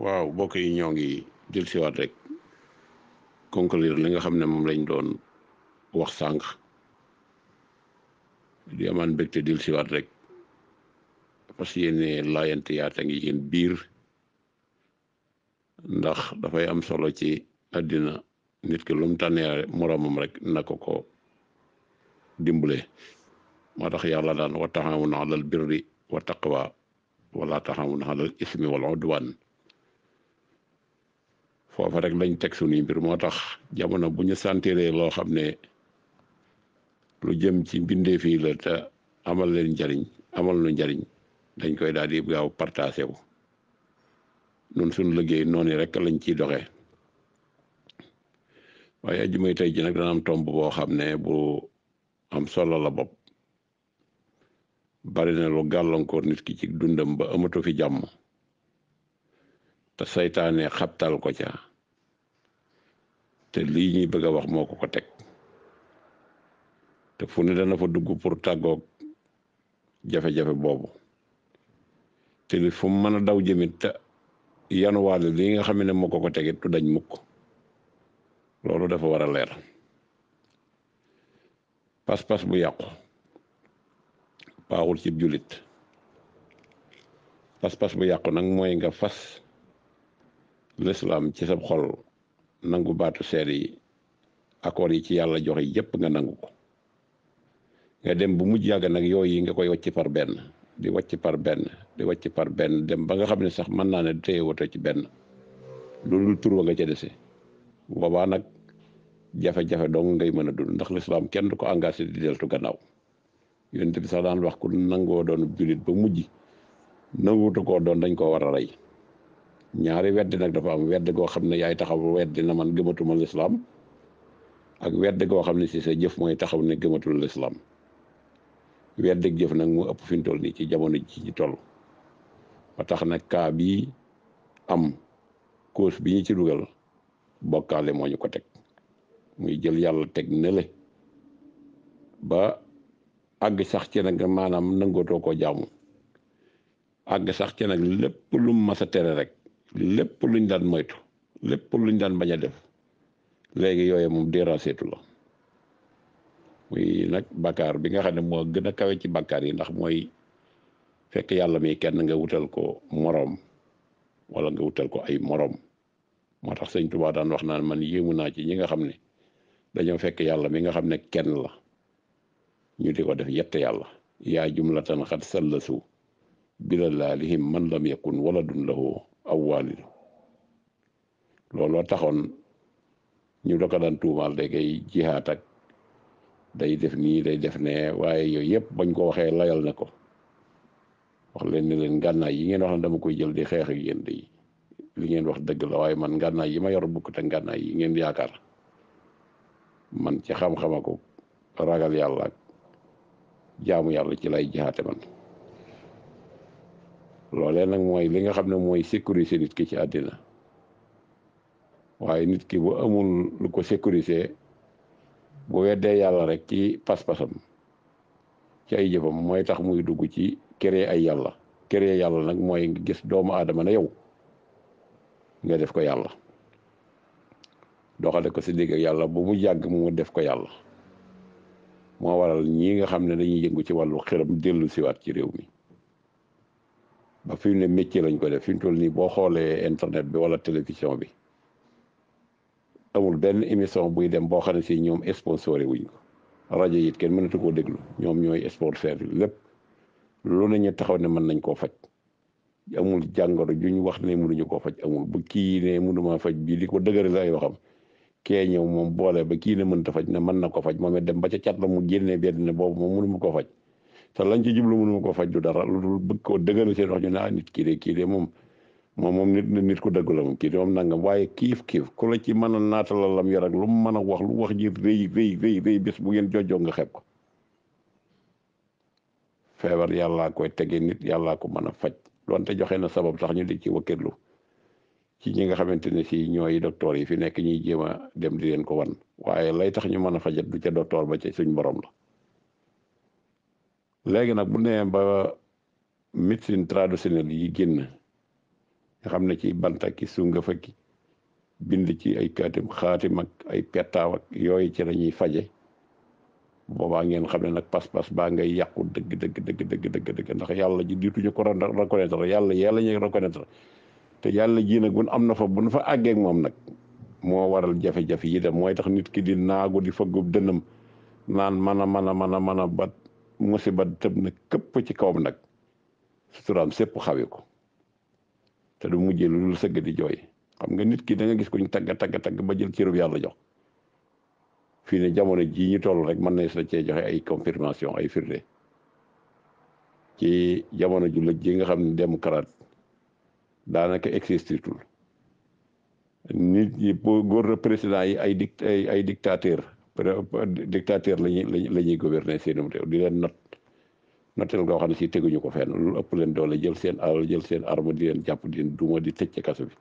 waaw mbokk yi ñoo ngi jël siwaat rek conclure li nga xam ne moom lañ doon wax sànq di amaan mbégte dil siwaat rek parce que yéen laayante yaata ngi seen biir ndax dafay am solo ci addina nit ki lu mu tànnee moroomam rek na ko ko dimbale moo tax yàlla daan wa taxawun alal birri wa taqwa wala taxawun alal ismi wal udwan foofa rek lañ teg suñuy mbir moo tax jamono bu ñu santiree loo xam ne lu jëm ci mbindeef yi la amal leen njariñ amal nu njariñ dañ koy daal di gaaw partagé wu ñun suñu liggéey noonu rek lañ ciy doxee waaye ajjumay tey ji nag am tomb boo xam ne boo am solo la bopp barina na lu gàllankoor nit ki ci dundam ba amatu fi jàmm te saytaane xaptal ko ca te lii ñuy bëgg a wax moo ko ko teg te fu ne dana fa dugg pour tàggoog jafe-jafe boobu te li fu mu mën a daw jëmit te yanuwaale lii nga xam ne moo ko ko tegit du dañ mukk loolu dafa war a leer pas-pas bu yàqu paaxul ci jullit pas-pas bu yàqu nag mooy nga fas lislaam ci sa xol nangu baatu seer yi accord yi ci yàlla joxe yëpp nga nangu ko nga dem bu mujj yàgg nag yooyu nga koy wàcc par benn di wàcc par benn di wàcc par benn dem ba nga xam ne sax mën naa ne téye woto ci benn loolu tur wa nga ca dese boobaa nag jafe-jafe dong ngay mën a dund ndax lislaam kenn du ko engagé di deltu gannaaw yonent bi sax daan wax ku nangoo doon jullit ba mujj nanguutu koo doon dañ koo war a rey ñaari weddi nag dafa am wedd goo xam ne yaay taxaw weddi na man gëmatuma lislaam ak wedd goo xam ne si sa jëf mooy taxaw ne gëmatul lislaam wedd jëf nag mu ëpp fi mu toll nii ci jamono ji ñu toll ba tax nag kaa bii am cause bi ñu ci dugal bokkaale moo ñu ko teg muy jël yàlla teg nele ba àgg sax ci nag maanaam nangootoo koo jaamu àgg sax ci nag lépp lu mu a tere rek lépp luñ daan moytu lépp luñ daan bañ a def léegi yooyu moom déraseetu la nag bakkaar bi nga xam ne moo gën a kawe ci bakkaar yi ndax mooy fekk yàlla mi kenn nga wutal ko moroom wala nga wutal ko ay moroom moo tax sëñ Tuubaa daan wax naan man yéemu naa ci ñi nga xam ne dañoo fekk yàlla mi nga xam ne kenn la ñu di ko def yett yàlla yaa jumlatan xat sallasu bila laalihim man lam yakun waladun lahu aw waali looloo taxoon ñu la ko daan tuumaal da koy jihaat day def nii day def ne waaye yooyu yëpp bañ ko waxee layal ne ko wax leen ne leen ngànnaay yi ngeen wax ne dama koy jël di xeex ak yéen di li ngeen wax dëgg la waaye man ngànnaay yi ma yor bukk te ngànnaay yi ngeen yaakaar man ci xam-xama ko ragal yàlla ak jaamu yàlla ci lay jihaate man loolee nag mooy li nga xam ne mooy sécuriser nit ki ci àddina waaye nit ki bu amul lu ko sécurisé bu weddee yàlla rek ci pas-pasam ci ay jëfam mooy tax muy dugg ci créer ay yàlla créer yàlla nag mooy gis doomu aadama ne yow nga def ko yàlla doxale ko si digg ak yàlla bu mu jàgg mu def ko yàlla moo waral ñii nga xam ne dañuy yëngu ci wàllu xiram dellu siwaat ci réew mi ba fi ne métier lañ ko def fi mu toll nii boo xoolee internet bi wala télévision bi amul benn émission buy dem boo xam ne si ñoom sponsoré wuñ ko rajo yi it kenn mënatu koo déglu ñoom ñooy sponsor lépp lu ñu taxaw ne mën nañ koo faj amul jàngoro juñ wax ne mënuñu koo faj amul ba kii ne mënuma faj bii li ko dëgëral lay waxam kee ñëw moom boole ba kii ne mën ta faj na mën na ko faj moom it dem ba ca cat la mu génnee benn ne boobu moom mënuma koo faj te lañ ci jublu mënu ma ko faj lu dara lu dul bëgg koo dëgëral seen wax ñu ne ah, nit kii de kii de moom moom moom nit nit ku dëgg la moom kii de moom nangam waaye kiif kiif ku la ci mën a naatalal lam yor lu mu mën a wax lu wax ji rëy rëy rëy rëy bés bu ngeen jojjoo nga xeeb ko feebar yàllaa koy tege nit yàlla ko mën a faj donte joxe na sabab sax ñu di ci wakkirlu ci ñi nga xamante ne si ñooy docteur yi fi nekk ñuy jéem a dem di leen ko wan waaye lay tax ñu mën a fajat du ca docteur ba ca suñ borom la léegi nag bu nee ba médecine traditionnelle yi génn nga xam ne ci banta ki sunga fa ki bind ci ay kaatim xaatim ak ay pettaaw ak yooyu ci lañuy faje boobaa ngeen xam ne nag pas-pas baa ngay yàqu dëgg dëgg dëgg dëgg dëgg dëgg ndax yàlla ji diituñu ko reconnaître yàlla yàlla ñuy reconnaître te yàlla ji nag buñ am na fa buñ fa àggeeg moom nag moo waral jafe-jafe yi dem mooy tax nit ki di naagu di fëggub dënnam naan man a man a man a man a ba musiba tëb na këpp ci kawam nag suturaam sépp xawi ko te du mujjee lu dul sëgg di jooy xam nga nit ki danga gis ko ñu tagga tagga tagg ba jël cërub yàlla jox fii ne jamono jii ñu toll rek mën nañ sa cee joxe ay confirmation ay firnde ci jamono ju la ji nga xam ne démocrate daanaka existitul nit ñi góor président yi ay dict ay dictateur Eh, dictateur lañuy la ñuy gouverner seenum réew di leen not noteel goo xam ne si teguñu ko fenn lu ëpp leen doole jël seen alal jël seen arme di jàpp di leen duma di tëj ci kaso bi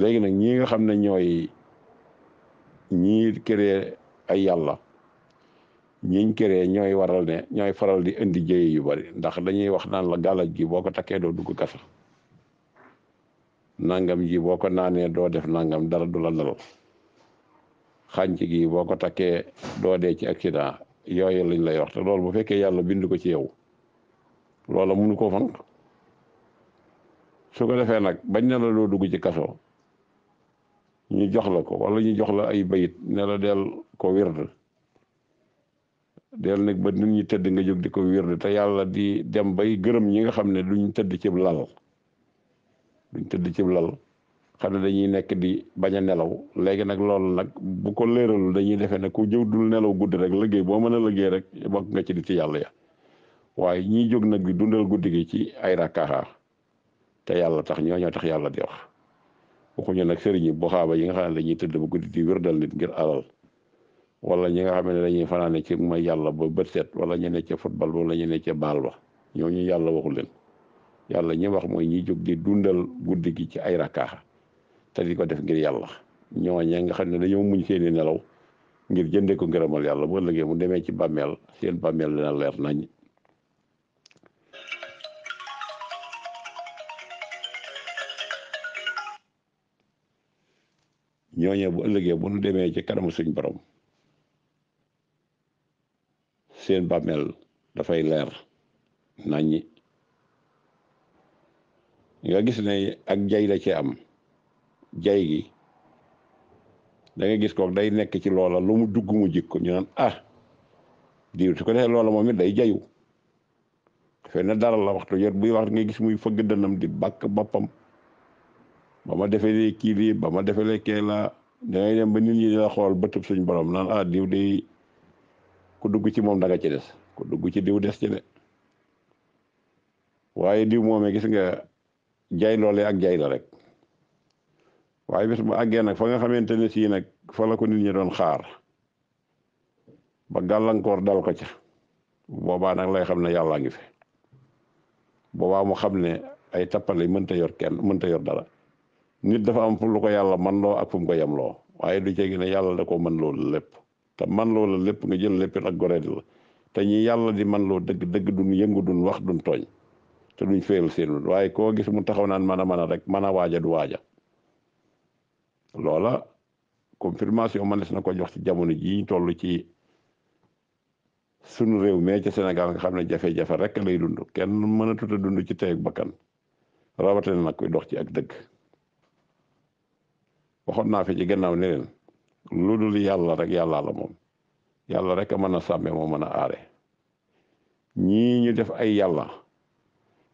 léegi nag ñi nga xam ne ñooy ñii créé ay yàlla ñiñ këree ñooy waral ne ñooy faral di indi jëye yu bari ndax dañuy wax naan la gàllaj gi boo ko takkee doo dugg kaso nangam ji boo ko naanee doo def nangam dara du la dalal xànc gi boo ko takkee doo dee ci accident yooyu lañ lay wax te loolu bu fekkee yàlla bind ko ci yow loola munu ko fanq su ko defee nag bañ ne la doo dugg ci kaso ñu jox la ko wala ñu jox la ay bayit ne la del ko wird del nag ba nu ñi tëdd nga jóg di ko wird te yàlla di dem bay gërëm ñi nga xam ne duñ tëdd cib lal duñ tëdd cib lal xam ne dañuy nekk di bañ a nelaw léegi nag loolu nag bu ko léeralul dañuy defee ne ku jëw dul nelaw guddi rek liggéey boo mën a liggéey rek bokk nga ci di ci yàlla ya waaye ñiy jóg nag di dundal guddi gi ci ay rakkaxaa te yàlla tax ñoo ñoo tax yàlla di wax waxuñu nag sëriñ yi xaaba yi nga xam ne dañuy tëdd ba guddi di wérdal nit ngir alal wala ñi nga xam dañuy fanaane ci mooy yàlla ba bët set wala ñu ne ca football ba wala ñu ne ca baal ba ñooñu yàlla waxu leen yàlla ñi wax mooy ñi jóg di dundal guddi gi ci ay rakkaxa te di ko def ngir yàlla ñooñee nga xam ne dañoo muñ seeni nelaw ngir jëndee ko ngërëmal yàlla bu ëllëgee mu demee ci bàmmeel seen bàmmeel leer nañ ñooñee bu demee ci kanamu suñ borom seen bàmmeel dafay leer nañ nga gis ne ak jay la ci am jay gi dangay gis kook day nekk ci loola lu mu dugg mu ko ñu naan ah diir su ko defee loola moom it day jayu fenn dara la waxtu jot buy wax nga gis muy fëgg dënnam di bàkk boppam ba ma defee lee kii lii ba ma defee lee kee dangay dem ba nit ñi di la xool bëtëb suñ borom naan ah diw de ku dugg ci moom danga ci des ku dugg ci diw des ci de waaye diw moomee gis nga jaay loolee ak jaay la rek waaye bis bu àggee nag fa nga xamante ne sii nag fa la ko nit ñi doon xaar ba gàllankoor dal ko ca boobaa nag lay xam ne yàllaa ngi fi boobaa mu xam ne ay tappale mënta yor kenn mënta yor dara nit dafa am fu lu ko yàlla man loo ak fu mu ko yem loo waaye du ceegi ne yàlla da ko mën loolu lépp te man loola lépp nga jël lépp ak goredi te ñi yàlla di man loo dëgg dëgg duñ yëngu duñ wax duñ tooñ te duñ féyal seen waaye koo gis mu taxaw naan mën a mën a rek mën a waaja du waaja loola confirmation mënees na ko jox ci jamono ji toll ci sunu réew mee ci Sénégal nga xam ne jafe-jafe rek lay dund kenn mën a tuta ci teeg bakkan rawatina nag koy dox ci ak dëgg waxoon naa fi ci gannaaw ne leen lu dul yàlla rek yàlla la moom yàlla rek a mën a sàmme moo mën a aare ñii ñu def ay yàlla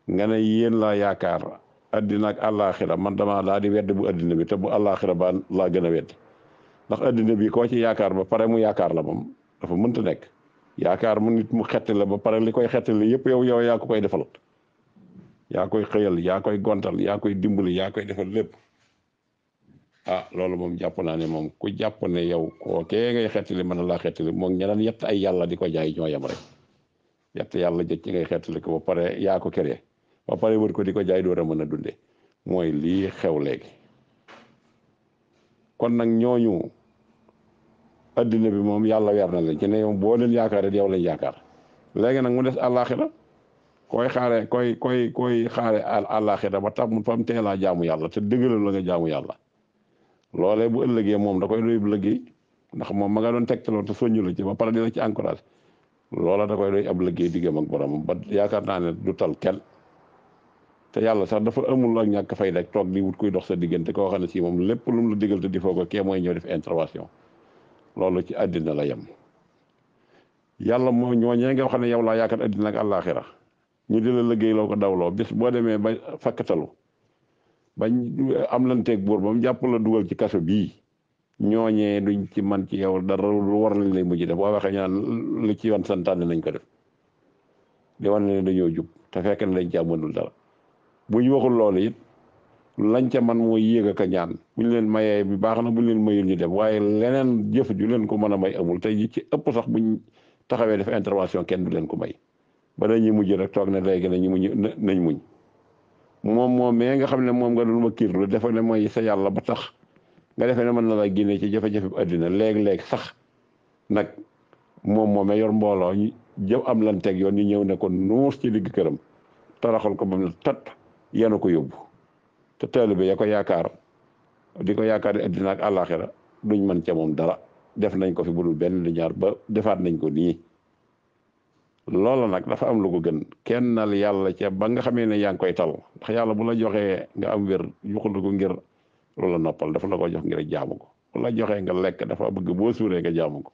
nga ne yéen laa yaakaar addina ak àllaaxira man damaa laa di wedd bu addina bi te bu àllaaxira ba laa gën a wedd ndax addina bi koo ci yaakaar ba pare mu yaakaar la moom dafa mënta nekk yaakaar mu nit mu xetti la ba pare li koy xetti la yëpp yow yow yaa ko koy defal yaa koy xëyal yaa koy gontal yaa koy dimbali yaa koy defal lépp ah loolu moom jàpp naa ne moom ku jàpp ne yow koo kee ngay xettali mën na laa xettali moom ña daan yett ay yàlla di ko jaay ñoo yem rek yett yàlla jëcc ci ngay xettali ko ba pare yaa ko kere ba pare wër ko di ko jaay door a mën a dunde mooy lii xew léegi kon nag ñooñu addina bi moom yàlla weer na leen ci ne yow boo leen yaakaaree yow lañ yaakaar léegi nag mu des àllaaxira koy xaare koy koy koy xaare àllaaxira ba tax mu fam teelaa jaamu yàlla te dëggalal la nga yàlla loolee bu ëllëgee moom da koy doy bu liggéey ndax moom ma nga doon tegtaloon te soññu la ci ba pare di la ci encourage loola da koy doy ab liggéey diggam ak borom ba yaakaar naa ne du tal kenn te yàlla sax dafa amul ak ñàkk fay rek toog di wut koy dox sa diggante koo xam ne si moom lépp lu mu la digal te di foo ko kee mooy ñëw def intervention loolu ci àddina la yem yàlla moo ñooñee nga xam ne yow laa yaakaar àddina ak àllaaxira ñu di la liggéey loo ko dawloo bis boo demee ba fakkatalu bañ am lanteeg buur ba mu jàpp la dugal ci kaso bii ñooñee duñ ci man ci yow dara lu war lañ lay mujj def boo waxee ñaan lu ci yoon santaane nañ ko def di wan ne dañoo jub te fekk ne dañ ci dara bu ñu waxul loolu it lañ ca man mooy yéeg ak a ñaan bu ñu leen mayee bi baax na bu ñu leen mayul ñu dem waaye leneen jëf ju leen ko mën a may amul tey ci ëpp sax buñ taxawee def intervention kenn du leen ko may ba dañuy mujj rek toog ne léegi nañu ñu nañ muñ moom moom mais nga xam ne moom nga doon ma kiirlu defe ne mooy sa yàlla ba tax nga defe ne mën na la génne ci jafe-jafe bi àddina léeg-léeg sax nag moom moomee yor mbooloo ñu jëm am lan teg yoon ñu ñëw ne ko nuus ci digg këram taraxal ko ba mu tat yenu ko yóbbu te taalibe ya ko yaakaar di ko yaakaar addina ak àllaaxira duñ mën ca moom dara def nañ ko fi budul benn di ñaar ba defaat nañ ko nii loola nag dafa am lu ko gën kennal yàlla ceeb ba nga xamee ne yaa ngi koy tal ndax yàlla bu la joxee nga am wér yuxul ko ngir loola noppal dafa la ko jox ngir jaamu ko bu la joxee nga lekk dafa bëgg boo suuree nga jaamu ko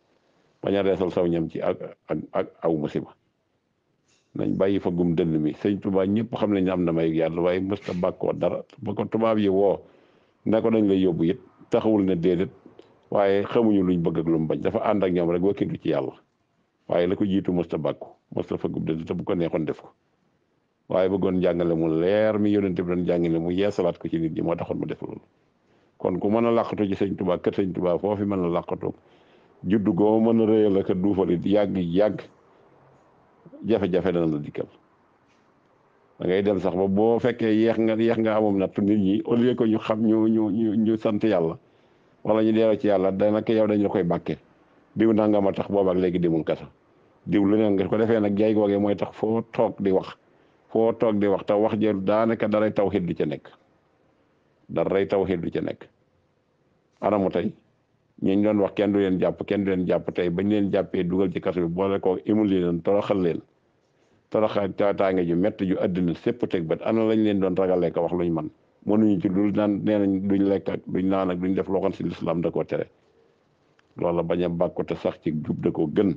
bañ a reesal saw ñam ci ak ak ak aw musiba nañ bàyyi fa dënn mi sëñ tubaa ñëpp xam nañ ne am na may yàlla waaye mësta bàkkoo dara ba ko tubaab yi woo ne ko dañ lay yóbbu it taxawul ne déedéet waaye xamuñu luñ bëgg ak bañ dafa ànd ak ñoom rek wakkilu ci yàlla waaye la ko jiitu mësta bàkku mësta fa gum dënn te bu ko neexoon def ko waaye bëggoon jàngale mu leer mi yonente bi doon jàngale mu yeesalaat ko ci nit ñi moo taxoon mu def loolu kon ku mën a làqatu ci sëñ Tuubaa kër sëñ Tuubaa foofu mën a làqatu juddu goo mën a rëyal ak duufal it yàgg yàgg jafe-jafe dana la dikkal da ngay dem sax boobu boo fekkee yeex nga yeex nga amum na nit ñi au lieu que ñu xam ñu ñu ñu ñu sant yàlla wala ñu delloo ci yàlla danaka yow dañ la koy bàkkee diw nanga ma tax boobaak léegi dimul kasa diw lu ne nga ko defee nag jaay googee mooy tax foo toog di wax foo toog di wax te wax jël daanaka daray tawhid du ca nekk daray tawhid du ca nekk anamu tey ñooñu doon wax kenn du leen jàpp kenn du leen jàpp tey bañ leen jàppee dugal ci kaso bi boole ko humilier leen toroxal leen toroxal taataange ju métti ju àddina sépp teg bët ana lañ leen doon ragalee ko wax luñ man mënuñu ci dul naan nee nañ duñ lekk ak duñ naan ak duñ def loo xam si lislaam da koo tere loola bañ a bàkku te sax ci jub da koo gën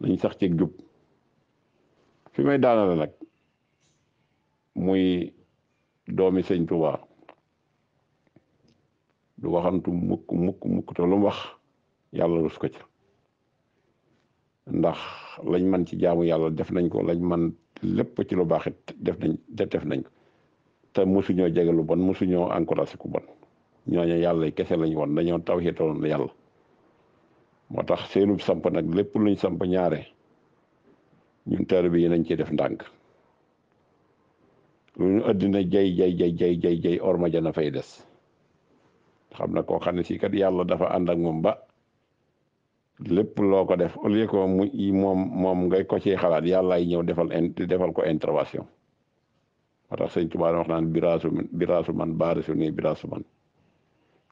nañ sax ci jub fi may daanale nag muy doomi sëñ Tuubaa du waxantu mukk mukk mukk te lu mu wax yàlla rus ko ci ndax lañ man ci jaamu yàlla def nañ ko lañ man lépp ci lu baax def nañ def nañ ko te mosuñoo jege bon bon mosuñoo encouragé ku bon ñooñu yàlla kese lañ woon dañoo taw xitoon yàlla moo tax seenu samp nag lépp luñ samp ñaare ñun taalibe yi nañ ci def ndànk lu ñu àddina jay jay jay jay jay jay orma jana fay des xam na koo xam ne si kat yàlla dafa ànd ak moom ba lépp loo ko def au lieu que moom moom ngay ko ci xalaat yàllaay ñëw defal defal ko intervention moo tax sëñ wax naan biraasu biraasu man baarisu nii biraasu man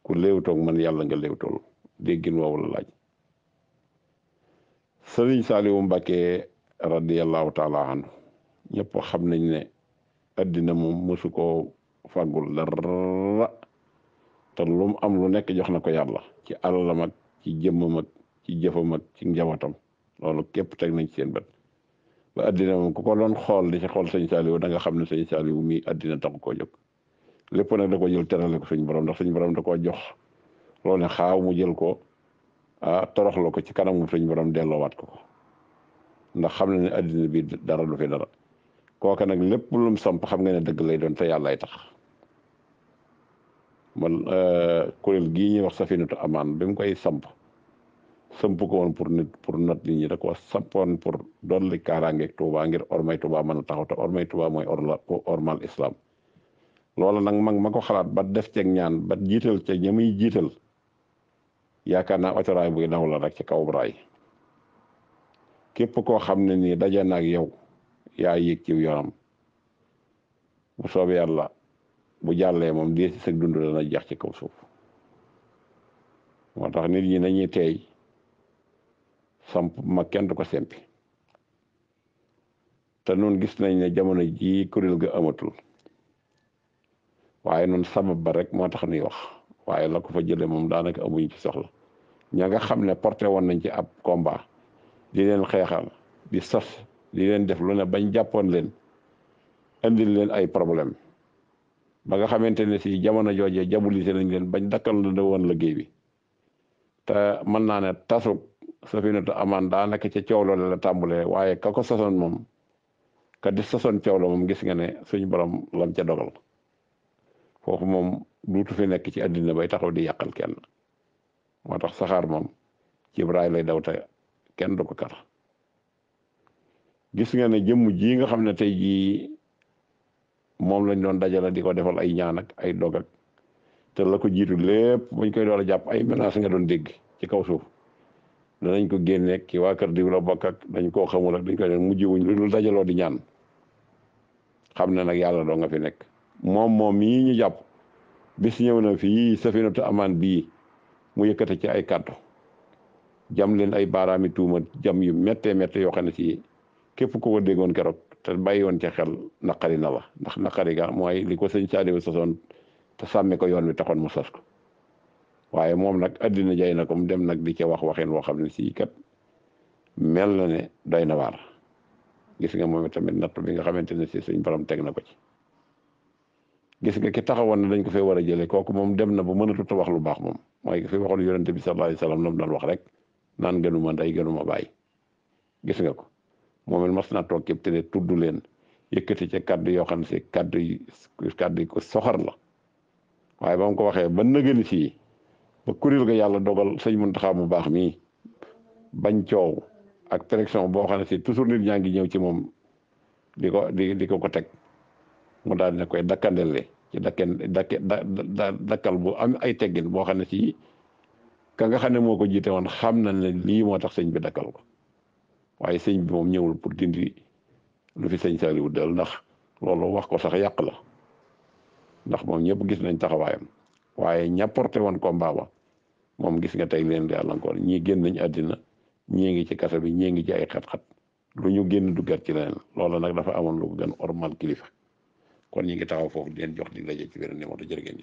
ku léewtoog man yàlla nga léewtool déggin woowu la laaj sëriñ Saaliwu Mbàkke radiyallahu taala anhu ñëpp xam nañ ne addina moom mosu koo fàggul te lu mu am lu nekk jox na ko yàlla ci alalam mag ci jëmmam ak ci jëfam ak ci njabootam loolu képp teg nañ ci seen bët ba addina moom ku ko doon xool di ci xool sëñ Saliou da nga xam ne sëñ Saliou mii addina taxu koo jóg lépp nag da ko jël terale ko suñ borom ndax suñ borom da koo jox loone ne xaaw mu jël ko ah toroxloo ko ci kanamu suñ borom delloowaat ko ko ndax xam na ne addina bi dara du fe dara kooka nag lépp lu mu samp xam nga ne dëgg lay doon te yàllaay tax. man euh, kuréel gii ñuy wax safinatu amaan bi koy samp samp ko woon pour nit pour not nit ñi da koo sampoon pour dolli kaaraangeeg Touba ngir ormay Touba mën na taxaw te ormay Touba mooy orla ormal islam loola nag mag ma ko xalaat ba def ceeg ñaan ba jiital ceeg ña muy jiital yaakaar naa otoraay buy daw la rek ci kaw raay képp koo xam ne nii daje na ak yow yaa yéeg ci yoonam bu soobee yàlla. bu jàllee moom dee si sëg dund dana jeex ci kaw suuf moo tax nit ñi nañuy teey samp mag kenn du ko sempi te nun gis nañ ne jamono ji kuréel ga amatul waaye noonu sabab ba rek moo tax nuy wax waaye la ko fa jële moom daanaka amuñ ci soxla ña nga xam ne porté woon nañ ci ab combat di leen xeexal di sas di leen def lu ne bañ jàppoon leen indil leen ay problème ba nga xamante ne si jamono joojee jabulise nañ leen bañ dakkal na woon liggéey bi te mën naa ne tasug safinatu amaan daanaka ca coow loolu la tàmbalee waaye ka ko sosoon moom ka di sosoon coow la moom gis nga ne suñu borom lam ca dogal foofu moom duutu fi nekk ci àddina bay taxaw di yàqal kenn moo tax saxaar moom ci Ibrahima lay daw te kenn du ko kar gis nga ne jëmm yi nga xam ne tey jii moom lañ doon dajale di ko defal ay ñaan ay dog te la ko jiitu lépp buñ koy door a jàpp ay menaces nga doon dégg ci kaw suuf danañ ko génneeg ki waa kër diw la dañ koo xamul ak dañ koy doon mujj wuñ lu dul dajaloo di ñaan xam ne nag yàlla doo nga nekk moom moom yii ñu jàpp bis ñëw na fii safinatu amaan bii mu yëkkate ci ay kàddu jam leen ay baaraami tuuma jam yu méttee méttee yoo xam ne ci képp ku ko déggoon keroog te bàyyi woon ca xel naqari na wax ndax naqari ga mooy li ko sëñ Saaliwu sosoon te sàmmi ko yoon wi taxoon mu sos ko waaye moom nag addina jay na ko mu dem nag di ca wax waxin woo xam ne sii kat mel na ne doy na waar gis nga moom tamit natt bi nga xamante ne si suñ borom teg na ko ci gis nga ki taxawoon ne dañ ko fee war a jëlee kooku moom dem na ba mënatu ta wax lu baax moom mooy ki fi waxoon te bi sallallahu alayhi wasallam la mu wax rek naan gënuma ndey gënuma baay gis nga ko moom it mas naa toog képp te ne tudd leen yëkkati ci kàddu yoo xam ne si kàddu yi kàddu yi ko soxar la waaye ba mu ko waxee ba nëgëni si ba kuréel ga yàlla dogal sëñ Muntaxa mu baax mii bañ coow ak pression boo xam ne si toujours nit ñaa ngi ñëw ci moom di ko di di ko ko teg mu daal dina koy dakkandelle ci dakken dakke da dakkal boo am ay teggin boo xam ne si ka nga xam ne moo ko jiite woon xam na ne lii moo tax sëñ bi dakkal ko waaye sëñ bi moom ñëwul pour dindi lu fi sëñ Saliou dal ndax loolu wax ko sax yàq la ndax moom ñëpp gis nañ taxawaayam waaye ña porté woon combat ba moom gis nga tey leen gàllankoor ñii génn nañ àddina ñii ngi ci kasa bi ñii ngi ci ay xat-xat lu ñu génn duggat ci leneen loola nag dafa amoon lu gën ormal kilifa kon ñi ngi taxaw foofu di leen jox di daje ci beneen numéro jërë ngeen